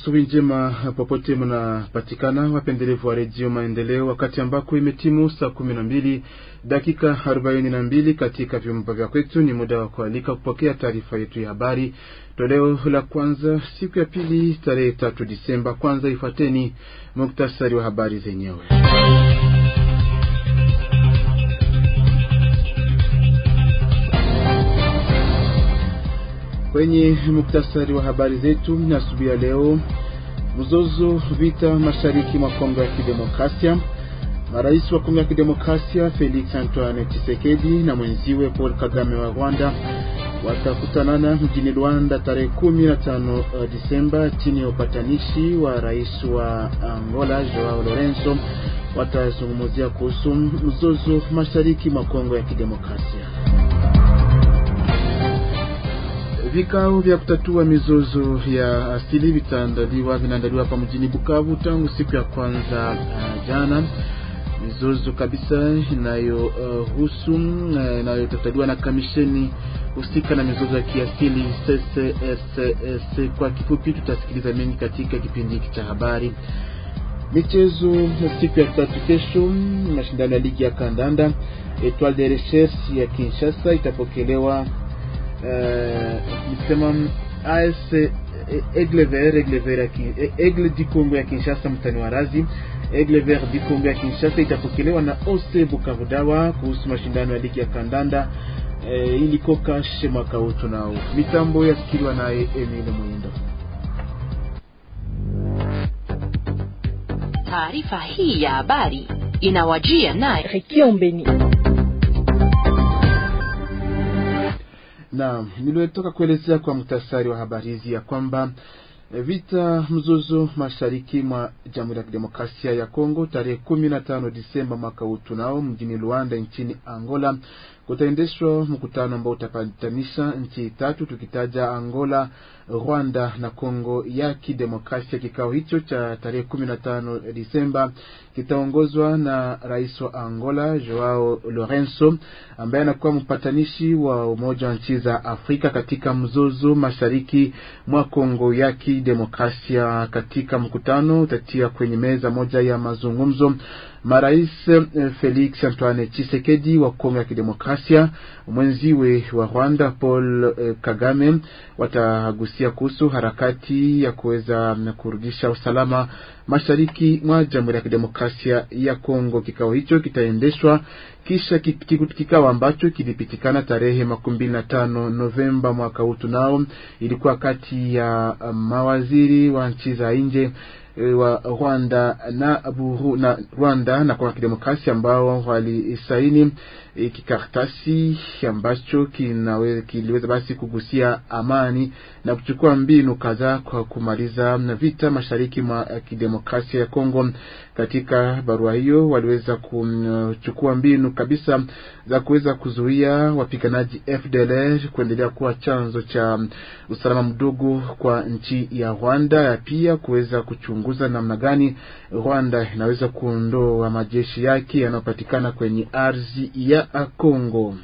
Asubuhi njema popote mnapatikana, wapendelevu wa redio Maendeleo, wakati ambako imetimu saa kumi na mbili dakika arobaini na mbili katika vyumba vya kwetu. Ni muda wa kualika kupokea taarifa yetu ya habari, toleo la kwanza, siku ya pili, tarehe tatu Disemba. Kwanza ifuateni muktasari wa habari zenyewe. Kwenye muktasari wa habari zetu na asubuhi ya leo, mzozo vita mashariki mwa Kongo ya Kidemokrasia. Marais wa Kongo ya Kidemokrasia Felix Antoine Tshisekedi na mwenziwe Paul Kagame wa Rwanda watakutanana mjini rwanda tarehe 15 eh, Disemba chini ya upatanishi wa rais wa Angola Joao Lorenzo. Watazungumzia kuhusu mzozo mashariki mwa Kongo ya Kidemokrasia. Vikao vya kutatua mizozo ya asili vitaandaliwa vinaandaliwa hapa mjini Bukavu tangu siku ya kwanza uh, jana. Mizozo kabisa inayohusu uh, uh, inayotataliwa na kamisheni husika na mizozo ya kiasili CCSS e kwa kifupi. Tutasikiliza mengi katika kipindi hiki cha habari. Michezo siku ya tatu kesho, mashindano ya ligi ya kandanda Etoile de Recherche ya Kinshasa itapokelewa nilisema eh, uh, AS Aigle Vert Aigle Vert Aigle du Congo ya Kinshasa, mtani wa Razi. Aigle Vert Congo ya Kinshasa itapokelewa na OSE bukavudawa kuhusu mashindano ya ligi ya kandanda eh, iliko kashe mwaka utu nao. Mitambo yasikiliwa naye Emile muindo Taarifa hii ya habari inawajia naye Rekiombeni na niliwetoka kuelezea kwa mtasari wa habari hizi ya kwamba eh, vita mzozo mashariki mwa Jamhuri ya Kidemokrasia ya Kongo tarehe kumi na tano Disemba mwaka huu tunao mjini Luanda nchini Angola kutaendeshwa mkutano ambao utapatanisha nchi tatu tukitaja Angola, Rwanda na Kongo ya Kidemokrasia. Kikao hicho cha tarehe kumi na tano Disemba kitaongozwa na rais wa Angola Joao Lorenzo ambaye anakuwa mpatanishi wa Umoja wa Nchi za Afrika katika mzozo mashariki mwa Kongo ya Kidemokrasia. Katika mkutano utatia kwenye meza moja ya mazungumzo marais eh, Felix Antoine Chisekedi wa Kongo ya Kidemokrasia, mwenziwe wa Rwanda Paul eh, Kagame watagusia kuhusu harakati ya kuweza mm, kurudisha usalama mashariki mwa Jamhuri ya Kidemokrasia ya Kongo. Kikao hicho kitaendeshwa kisha kikao ambacho kilipitikana tarehe makumi mbili na tano Novemba mwaka huu. Tunao ilikuwa kati ya mm, mawaziri wa nchi za nje E, wa Rwanda na Buru, na Rwanda na Kongo ya Kidemokrasia ambao walisaini kikartasi e, kikaratasi ambacho kinawe, kiliweza basi kugusia amani na kuchukua mbinu kadhaa kwa kumaliza vita mashariki mwa kidemokrasia ya Kongo. Katika barua hiyo waliweza kuchukua mbinu kabisa za kuweza kuzuia wapiganaji FDLR kuendelea kuwa chanzo cha usalama mdogo kwa nchi ya Rwanda, ya pia kuweza kuchunguza kuchunguza namna gani Rwanda inaweza kuondoa majeshi yake yanayopatikana kwenye ardhi ya Kongo.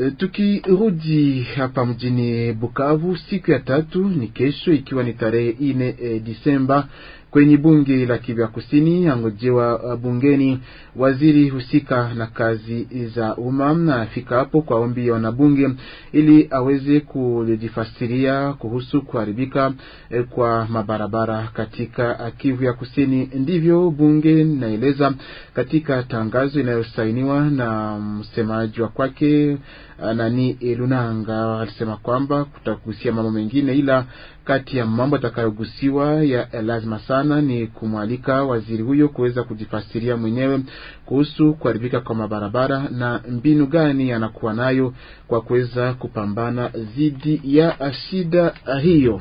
Eh, tukirudi hapa mjini Bukavu, siku ya tatu ni kesho, ikiwa ni tarehe ine e, eh, Disemba Kwenye bunge la Kivu ya Kusini angojewa uh, bungeni waziri husika na kazi za umma, na afika hapo kwa ombi ya wanabunge ili aweze kulijifasiria kuhusu kuharibika eh, kwa mabarabara katika uh, Kivu ya Kusini. Ndivyo bunge naeleza katika tangazo inayosainiwa na msemaji wa kwake Ah, nani Elunanga eh, alisema kwamba kutagusia mambo mengine, ila kati ya mambo atakayogusiwa ya lazima sana ni kumwalika waziri huyo kuweza kujifasiria mwenyewe kuhusu kuharibika kwa mabarabara na mbinu gani anakuwa nayo kwa kuweza kupambana dhidi ya shida hiyo.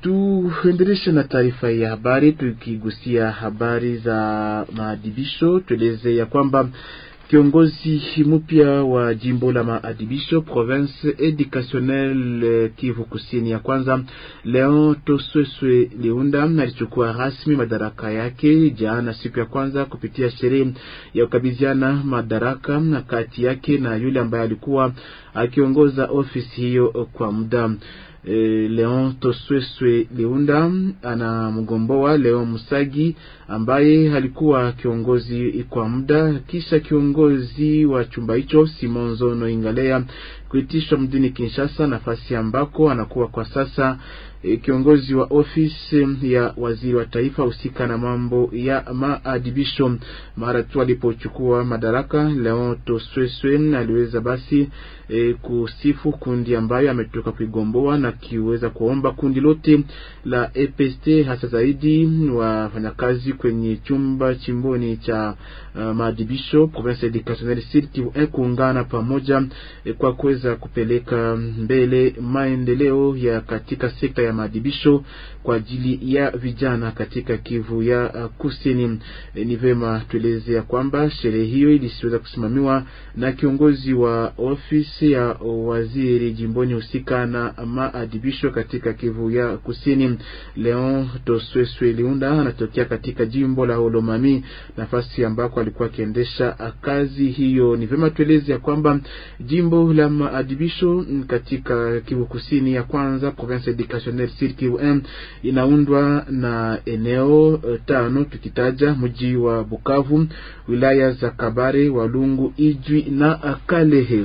Tuendeleshe na taarifa ya habari, tukigusia habari za maadibisho, tueleze ya kwamba Kiongozi mpya wa jimbo la maadibisho province educationnelle eh, Kivu Kusini ya kwanza Leon Tosweswe Liunda alichukua rasmi madaraka yake jana siku ya kwanza kupitia sherehe ya kukabidhiana madaraka na kati yake na yule ambaye alikuwa akiongoza ofisi hiyo kwa muda e, Leon Tosweswe Liunda anamgomboa Leon Musagi ambaye alikuwa kiongozi kwa muda, kisha kiongozi wa chumba hicho simon zono ingalea kuitishwa mjini Kinshasa, nafasi ambako anakuwa kwa sasa eh, kiongozi wa ofisi eh, ya waziri wa taifa husika na mambo ya maadibisho. Mara tu alipochukua madaraka, Leon Tosweswe aliweza basi e, kusifu kundi ambayo ametoka kuigomboa na kiweza kuomba kundi lote la EPST hasa zaidi wafanyakazi kwenye chumba chimboni cha uh, eh, maadhibisho province educational Sud Kivu e kuungana pamoja e, kwa kuweza kupeleka mbele maendeleo ya katika sekta ya maadhibisho kwa ajili ya vijana katika Kivu ya eh, Kusini. E, ni vema tueleze ya kwamba sherehe hiyo ilisiweza kusimamiwa na kiongozi wa ofisi ya waziri jimboni husika na maadhibisho katika Kivu ya Kusini, Leon Tosweswe Liunda anatokea katika jimbo la Olomami, nafasi ambako alikuwa akiendesha kazi hiyo. Ni vema tueleze ya kwamba jimbo la maadibisho mm, katika Kivu Kusini ya kwanza province educationnel sud Kivu inaundwa na eneo eh, tano, tukitaja mji wa Bukavu, wilaya za Kabare, Walungu, Ijwi na Kalehe.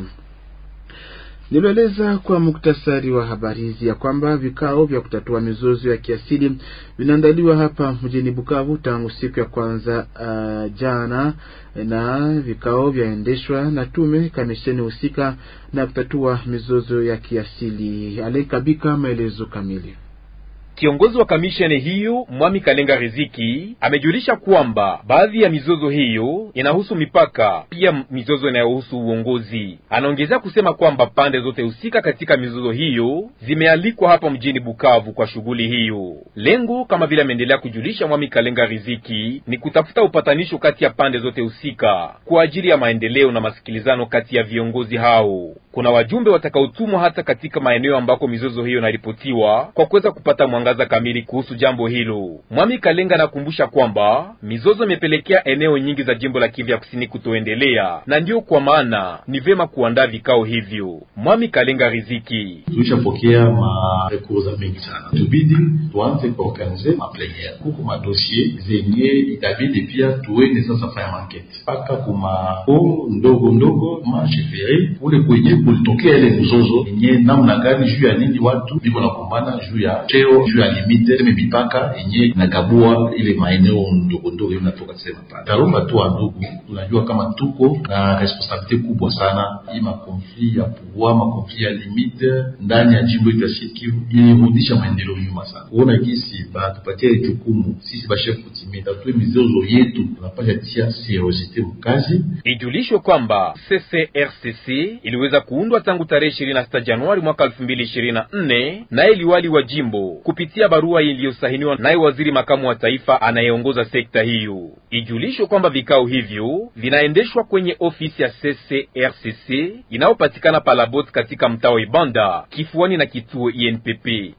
Nilieleza kwa muktasari wa habari hizi ya kwamba vikao vya kutatua mizozo ya kiasili vinaandaliwa hapa mjini Bukavu tangu siku ya kwanza uh, jana, na vikao vyaendeshwa na tume kamisheni husika na kutatua mizozo ya kiasili. Alikabika Kabika, maelezo kamili Kiongozi wa kamisheni hiyo Mwami Kalenga Riziki amejulisha kwamba baadhi ya mizozo hiyo inahusu mipaka, pia mizozo inayohusu uongozi. Anaongezea kusema kwamba pande zote husika katika mizozo hiyo zimealikwa hapa mjini Bukavu kwa shughuli hiyo. Lengo, kama vile ameendelea kujulisha Mwami Kalenga Riziki, ni kutafuta upatanisho kati ya pande zote husika kwa ajili ya maendeleo na masikilizano kati ya viongozi hao kuna wajumbe watakaotumwa hata katika maeneo ambako mizozo hiyo inaripotiwa kwa kuweza kupata mwangaza kamili kuhusu jambo hilo. Mwami Kalenga anakumbusha kwamba mizozo imepelekea eneo nyingi za jimbo la Kivu ya Kusini kutoendelea, na ndiyo kwa maana ni vyema kuandaa vikao hivyo. Mwami Kalenga Riziki: tulishapokea marekurza mengi sana, tubidi tuanze kuorganize maplenere huku madosie zenye itabidi pia tuende sasa faya mankete mpaka kuma ndogo ndogo masheferi kule kwenye kulitokea ile mzozo yenye namna gani, juu ya nini watu viko nakumbana, juu ya cheo, juu ya limite seme mipaka yenye inagabua ile maeneo ndogondogo hiyo. Natoka sema pale talomba tu ndugu, tunajua kama tuko na responsabilite kubwa sana hii makonfli ya pouvoir, makonfli ya limite ndani ya jimbo hili la Sud-Kivu ilirudisha maendeleo nyuma sana, kuona kisi batupatia jukumu sisi bashefu kutimiza tu mizozo yetu, tunapasha tia seriosite mkazi. Ijulishwe kwamba CCRCC iliweza kuundwa tangu tarehe 26 Januari mwaka 2024, naye liwali wa jimbo kupitia barua iliyosahiniwa naye waziri makamu wa taifa anayeongoza sekta hiyo. Ijulishwe kwamba vikao hivyo vinaendeshwa kwenye ofisi ya CCRCC inayopatikana Palabot katika mtao Ibanda kifuani na kituo INPP.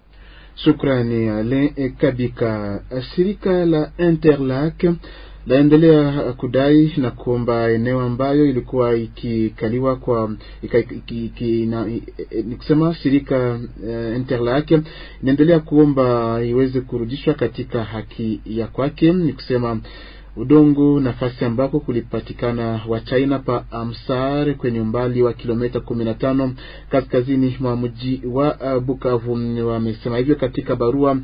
Shukrani Alain Kabika. Shirika la Interlac naendelea kudai na kuomba eneo ambayo ilikuwa ikikaliwa kwa ika, iki, iki, na, e, ni kusema shirika uh, Interlake inaendelea kuomba iweze kurudishwa katika haki ya kwake, ni kusema udongo nafasi ambako kulipatikana wa China pa Amsar kwenye umbali wa kilomita 15 kaskazini mwa mji wa e, Bukavu. Wamesema hivyo katika barua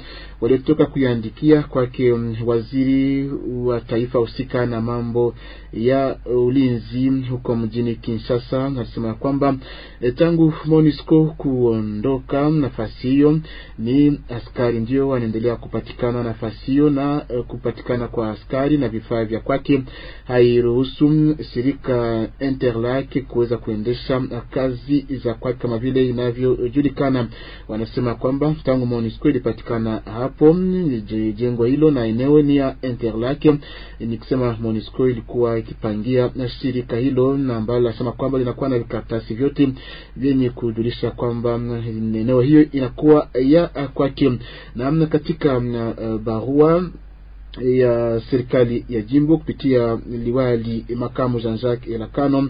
walitoka kuyaandikia kwake um, waziri wa taifa husika na mambo ya ulinzi huko mjini Kinshasa. Anasema kwamba eh, tangu MONUSCO kuondoka nafasi hiyo, ni askari ndio wanaendelea kupatikana nafasi hiyo, na eh, kupatikana kwa askari na vifaa vya kwake hairuhusu mm, shirika Interlake kuweza kuendesha eh, kazi za kwake kama vile inavyojulikana. Wanasema kwamba tangu MONUSCO ilipatikana hapa POM jengo hilo na eneo ni ya Interlake. Ni kusema Monisco ilikuwa ikipangia shirika hilo na ambalo linasema kwamba linakuwa na vikaratasi vyote vyenye kujulisha kwamba mm, eneo hiyo inakuwa ya kwake, na mm, katika uh, barua ya serikali ya jimbo kupitia liwali makamu Jean Jacques Elakano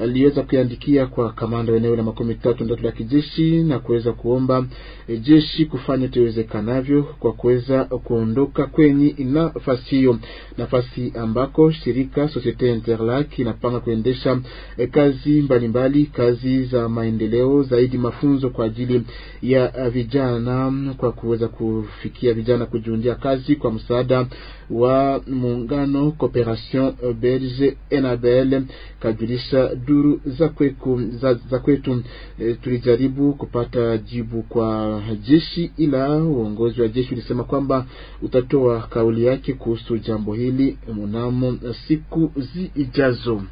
aliweza kuandikia kwa kamanda wa eneo la makumi tatu ndatu la kijeshi na kuweza kuomba e, jeshi kufanya tuwezekanavyo kwa kuweza kuondoka kwenye nafasi hiyo, nafasi ambako shirika Societe Interlac inapanga kuendesha e, kazi mbalimbali mbali, kazi za maendeleo zaidi, mafunzo kwa ajili ya eh, vijana kwa kuweza kufikia vijana kujiundia kazi kwa msaada wa muungano Cooperation Belge Enabel kajulisha duru za kwetu za, za kwetu e, tulijaribu kupata jibu kwa jeshi, ila uongozi wa jeshi ulisema kwamba utatoa kauli yake kuhusu jambo hili mnamo siku zijazo.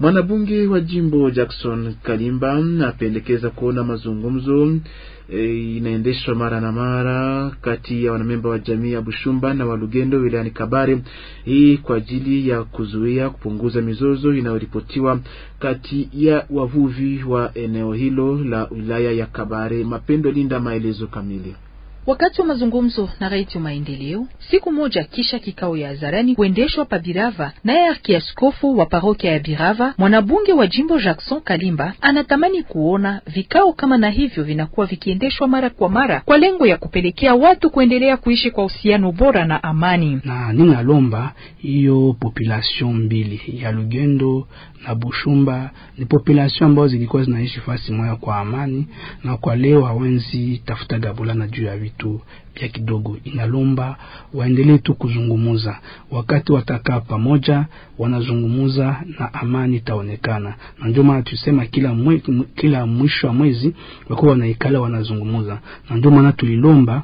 Mwanabunge wa jimbo Jackson Kalimba apendekeza kuona mazungumzo e, inaendeshwa mara na mara kati ya wanamemba wa jamii ya Bushumba na Walugendo wilayani Kabare, hii e, kwa ajili ya kuzuia kupunguza mizozo inayoripotiwa kati ya wavuvi wa eneo hilo la wilaya ya Kabare. Mapendo Linda, maelezo kamili Wakati wa mazungumzo na Radio Maendeleo siku moja kisha kikao ya hadharani kuendeshwa pa Birava, naye arkiaskofu wa parokia ya Birava, mwanabunge wa jimbo Jackson Kalimba, anatamani kuona vikao kama na hivyo vinakuwa vikiendeshwa mara kwa mara kwa lengo ya kupelekea watu kuendelea kuishi kwa uhusiano bora na amani. Na ninalomba hiyo population mbili ya Lugendo na Bushumba ni population ambazo zilikuwa zinaishi fasi moya kwa amani, na kwa leo hawenzi tafuta gabulana juu ya vitu vya kidogo. Inalomba waendelee tu kuzungumuza, wakati watakaa pamoja, wanazungumuza na amani itaonekana, na ndio maana tusema kila mwe, kila mwisho wa mwezi wakuwa wanaikala wanazungumuza, na ndio maana tulilomba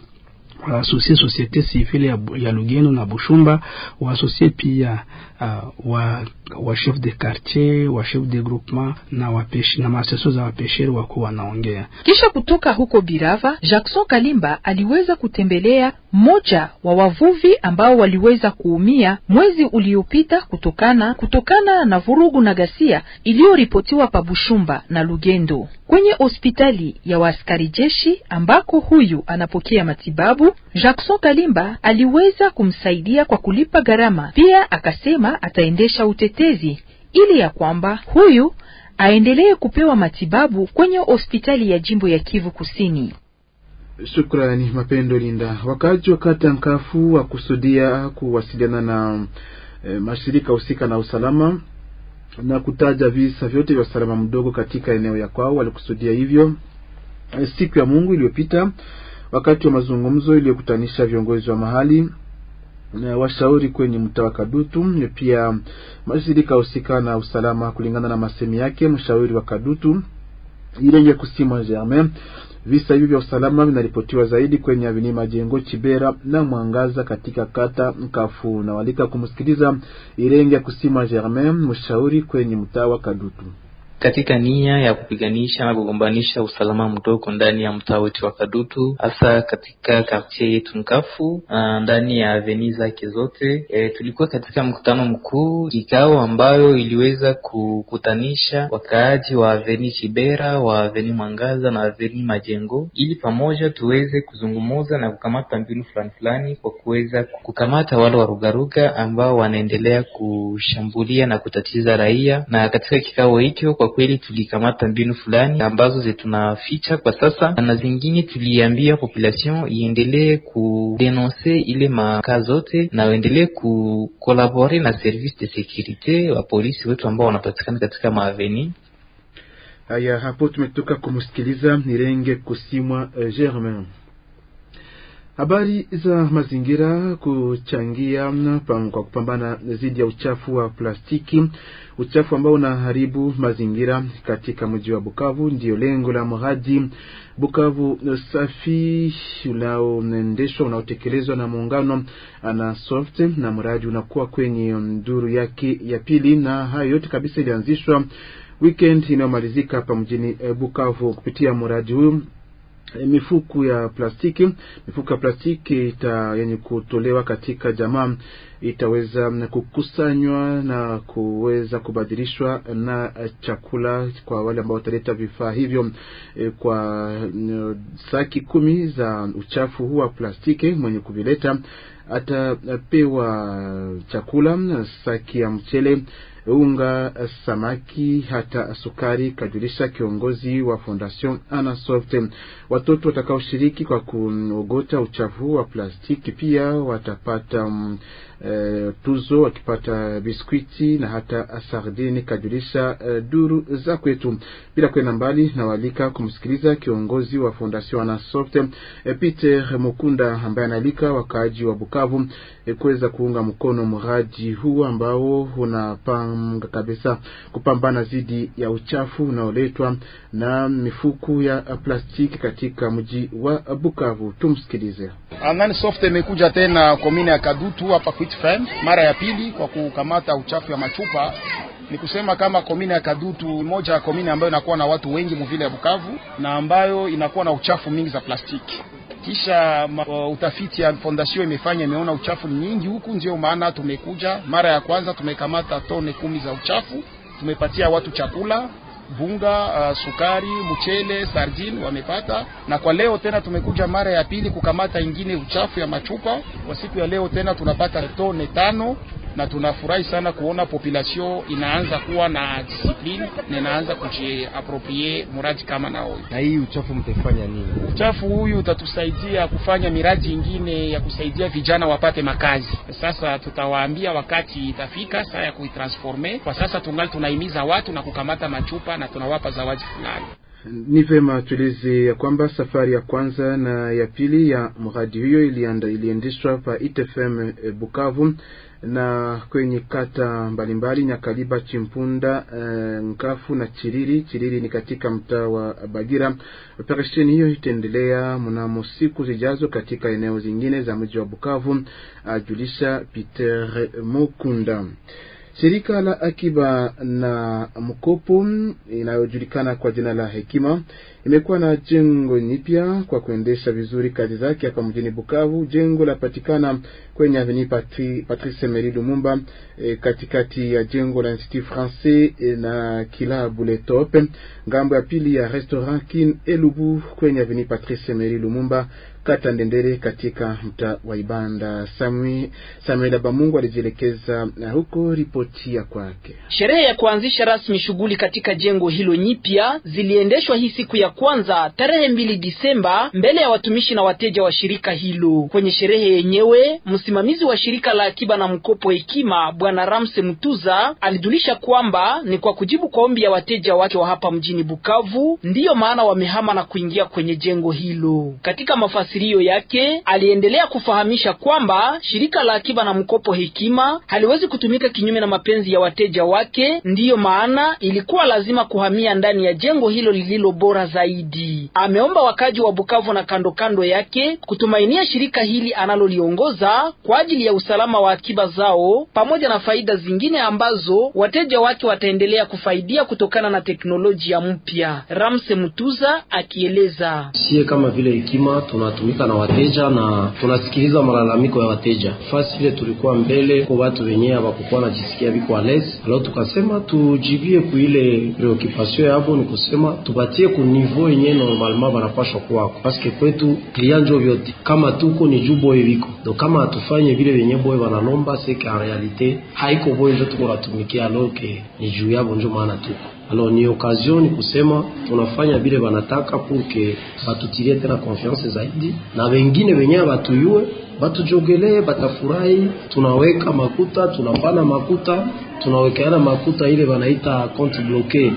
waasosie societe civile ya, ya Lugendo na Bushumba, waasosie pia uh, wa, wa chef de quartier wa chef de groupement na wapeshi, na maasoso za wapesheri wako wanaongea. Kisha kutoka huko Birava, Jackson Kalimba aliweza kutembelea mmoja wa wavuvi ambao waliweza kuumia mwezi uliopita kutokana kutokana na vurugu na ghasia iliyoripotiwa pa Bushumba na Lugendo kwenye hospitali ya waaskari jeshi ambako huyu anapokea matibabu. Jackson Kalimba aliweza kumsaidia kwa kulipa gharama, pia akasema ataendesha utetezi ili ya kwamba huyu aendelee kupewa matibabu kwenye hospitali ya jimbo ya Kivu Kusini. Shukrani Mapendo Linda. Wakaaji wa kata Nkafu wa kusudia kuwasiliana na e, mashirika husika na usalama na kutaja visa vyote vya usalama mdogo katika eneo ya kwao. Walikusudia hivyo eh, siku ya Mungu iliyopita wakati wa mazungumzo iliyokutanisha viongozi wa mahali na washauri kwenye mtaa wa Kadutu, pia mashirika husika na usalama. Kulingana na masemi yake mshauri wa Kadutu Irenge Kusima Germain Visa hivyo vya usalama vinaripotiwa zaidi kwenye avini majengo Chibera na Mwangaza katika kata Mkafu. Nawalika kumsikiliza Irenge ya Kusima Germain, mshauri kwenye mtaa wa Kadutu katika nia ya kupiganisha na kugombanisha usalama mdogo ndani ya mtaa wetu wa Kadutu, hasa katika kartie yetu Nkafu na ah, ndani ya aveni zake zote. E, tulikuwa katika mkutano mkuu kikao ambayo iliweza kukutanisha wakaaji wa aveni Chibera, wa aveni Mwangaza na aveni Majengo ili pamoja tuweze kuzungumuza na kukamata mbinu fulani fulani kwa kuweza kukamata wale rugaruga ambao wanaendelea kushambulia na kutatiza raia, na katika kikao hicho kwa kweli tulikamata mbinu fulani ambazo zetunaficha kwa sasa, na zingine tuliambia population iendelee kudenonse ile makaa zote na waendelee kukolabore na service de securite wa polisi wetu ambao wanapatikana katika maaveni haya. Hapo tumetoka kumsikiliza Nirenge Kusimwa uh, Germain Habari za mazingira kuchangia pa kwa kupambana dhidi ya uchafu wa plastiki, uchafu ambao unaharibu mazingira katika mji wa Bukavu, ndio lengo la mradi Bukavu Safi unaoendeshwa unaotekelezwa na muungano soft, na mradi unakuwa kwenye duru yake ya pili, na hayo yote kabisa ilianzishwa weekend inayomalizika hapa mjini Bukavu kupitia mradi huyu Eh, mifuku ya plastiki. mifuku ya plastiki ita yenye kutolewa katika jamaa itaweza kukusanywa na kuweza kubadilishwa na chakula kwa wale ambao wataleta vifaa hivyo. Eh, kwa eh, saki kumi za uchafu huu wa plastiki, mwenye kuvileta atapewa chakula, saki ya mchele unga, samaki hata sukari, kajulisha kiongozi wa Fondation Anasoft. Watoto watakaoshiriki kwa kuogota uchafu wa plastiki pia watapata mm, eh, tuzo akipata biskwiti na hata sardini kajulisha eh, duru za kwetu. Bila kwenda mbali, nawalika kumsikiliza kiongozi wa Fondation Anasoft eh, Peter Mukunda ambaye analika wakaaji wa Bukavu eh, kuweza kuunga mkono mradi huu ambao unapanga kabisa kupambana dhidi ya uchafu unaoletwa na mifuku ya plastiki katika mji wa Bukavu. Tumsikilize. Anani Soft imekuja tena komine ya Kadutu hapa Quitfem mara ya pili kwa kukamata uchafu ya machupa. Ni kusema kama komine ya Kadutu moja ya komine ambayo inakuwa na watu wengi muvile ya Bukavu na ambayo inakuwa na uchafu mingi za plastiki. Kisha uh, utafiti ya fondasio imefanya imeona uchafu ni nyingi huku, ndio maana tumekuja mara ya kwanza tumekamata tone kumi za uchafu, tumepatia watu chakula bunga, uh, sukari, mchele, sardine wamepata. Na kwa leo tena tumekuja mara ya pili kukamata ingine uchafu ya machupa. Kwa siku ya leo tena tunapata tone tano na tunafurahi sana kuona population inaanza kuwa na discipline na inaanza kujiaproprie muradi kama na huyu. Na hii uchafu mtafanya nini? Uchafu huyu utatusaidia kufanya miradi ingine ya kusaidia vijana wapate makazi. Sasa tutawaambia wakati itafika saa ya kuitransforme. Kwa sasa tungali tunahimiza watu na kukamata machupa na tunawapa zawadi fulani. Ni vema tueleze ya kwamba safari ya kwanza na ya pili ya mradi huyo iliendeshwa pa ITFM eh, Bukavu na kwenye kata mbalimbali mbali, Nyakaliba, Chimpunda, e, Nkafu na Chiriri. Chiriri ni katika mtaa wa Bagira. Operesheni hiyo itaendelea mnamo siku zijazo katika eneo zingine za mji wa Bukavu, ajulisha Peter Mukunda. Shirika la akiba na mkopo inayojulikana kwa jina la Hekima imekuwa na jengo nyipya kwa kuendesha vizuri kazi zake hapa mjini Bukavu. Jengo la patikana kwenye Avenue Patri, Patrice Emery Lumumba e, katikati ya jengo la Institut Francais e, na kila buletope ngambo ya pili ya Restaurant Kin Elubu kwenye Avenue Patrice Emery Lumumba kata Ndendere katika mtaa wa Ibanda. Samuel Bamungu alijielekeza uh, huko, ripoti ya kwake. Sherehe ya kuanzisha rasmi shughuli katika jengo hilo nyipya ziliendeshwa hii siku ya kwanza tarehe mbili Disemba mbele ya watumishi na wateja wa shirika hilo. Kwenye sherehe yenyewe, msimamizi wa shirika la akiba na mkopo Hekima Bwana Ramse Mtuza alijulisha kwamba ni kwa kujibu kwa ombi ya wateja wake wa hapa mjini Bukavu ndiyo maana wamehama na kuingia kwenye jengo hilo katika mafasi mafasirio yake aliendelea kufahamisha kwamba shirika la akiba na mkopo Hekima haliwezi kutumika kinyume na mapenzi ya wateja wake, ndiyo maana ilikuwa lazima kuhamia ndani ya jengo hilo lililo bora zaidi. Ameomba wakaji wa Bukavu na kando kando yake kutumainia shirika hili analoliongoza kwa ajili ya usalama wa akiba zao pamoja na faida zingine ambazo wateja wake wataendelea kufaidia kutokana na teknolojia mpya. Ramse Mutuza akieleza, sie kama vile Hekima tunatu tunatumika na wateja na tunasikiliza malalamiko ya wateja. Fasi vile tulikuwa mbele kwa watu wenyewe hawakukuwa najisikia viko alezi, alao, tukasema tujivie kuile preoccupation yabo, ni kusema tupatie ku niveau yenyewe normalement banapashwa kuwako, paske kwetu klianjo vyote kama tuko ni juu boye viko do, kama hatufanye vile wenyewe boye wanalomba, seke en realite haiko boye njo tuko natumikia, aloke ni juu yabo njo maana tuko Alors ni occasion ni kusema tunafanya vile wanataka purke batutilie tena confiance zaidi, na wengine wenyewe batuyue, batujogelee, batafurahi. Tunaweka makuta, tunapana makuta, tunawekeana makuta ile wanaita compte bloqué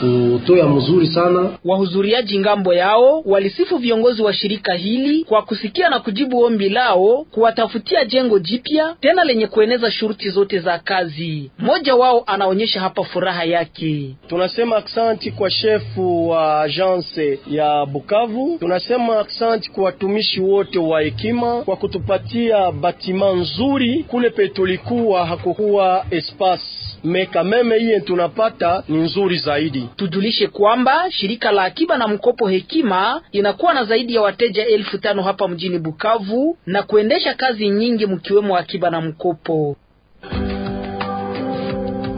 kutoya mzuri sana. Wahudhuriaji ngambo yao walisifu viongozi wa shirika hili kwa kusikia na kujibu ombi lao kuwatafutia jengo jipya tena lenye kueneza shuruti zote za kazi. Mmoja wao anaonyesha hapa furaha yake. Tunasema aksanti kwa shefu wa agence ya Bukavu, tunasema aksanti kwa watumishi wote wa hekima kwa kutupatia batima nzuri kule petulikuwa hakukuwa espace mekameme iye tunapata ni nzuri zaidi. Tujulishe kwamba shirika la akiba na mkopo Hekima inakuwa na zaidi ya wateja elfu tano hapa mjini Bukavu na kuendesha kazi nyingi mkiwemo akiba na mkopo.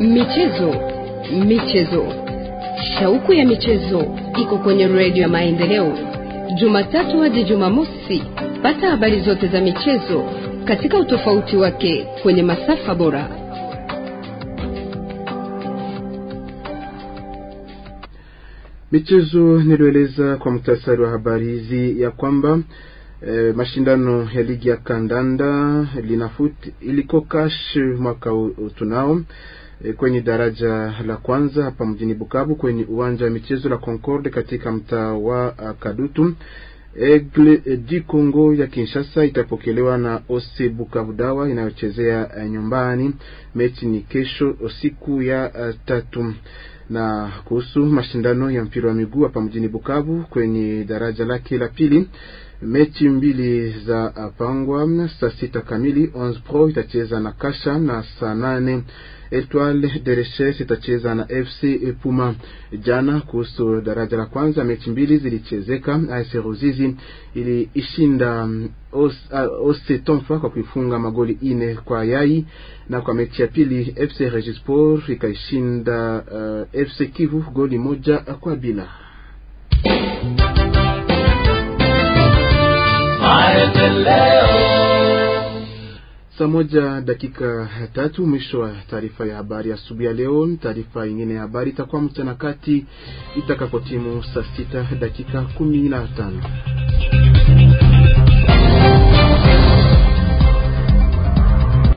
Michezo, michezo, shauku ya michezo iko kwenye redio ya Maendeleo, Jumatatu hadi Jumamosi. Pata habari zote za michezo katika utofauti wake kwenye masafa bora. Michezo nilioeleza kwa mtasari wa habari hizi ya kwamba e, mashindano ya ligi ya kandanda linafuti iliko kash mwaka tunao e, kwenye daraja la kwanza hapa mjini Bukavu kwenye uwanja wa michezo la Concorde katika mtaa wa eh, Kadutu. Egle di Congo ya Kinshasa itapokelewa na OC Bukavu Dawa inayochezea nyumbani. Mechi ni kesho siku ya tatu na kuhusu mashindano ya mpira wa miguu hapa mjini Bukavu kwenye daraja lake la pili, mechi mbili za pangwa saa sita kamili. Onze Pro itacheza na Kasha na saa nane Etoile de Recherche itacheza na FC Puma. Jana kuhusu daraja la kwanza, mechi mbili zilichezeka. AS Ruzizi iliishinda Ose Tomfa kwa kuifunga magoli ine kwa yai, na kwa mechi ya pili FC Regisport ikaishinda uh, FC Kivu goli moja kwa bila. Maendeleo Saa moja dakika tatu mwisho wa taarifa ya habari asubuhi ya leo. Taarifa ingine ya habari itakuwa mchana kati itakapotimu saa sita dakika kumi na tano.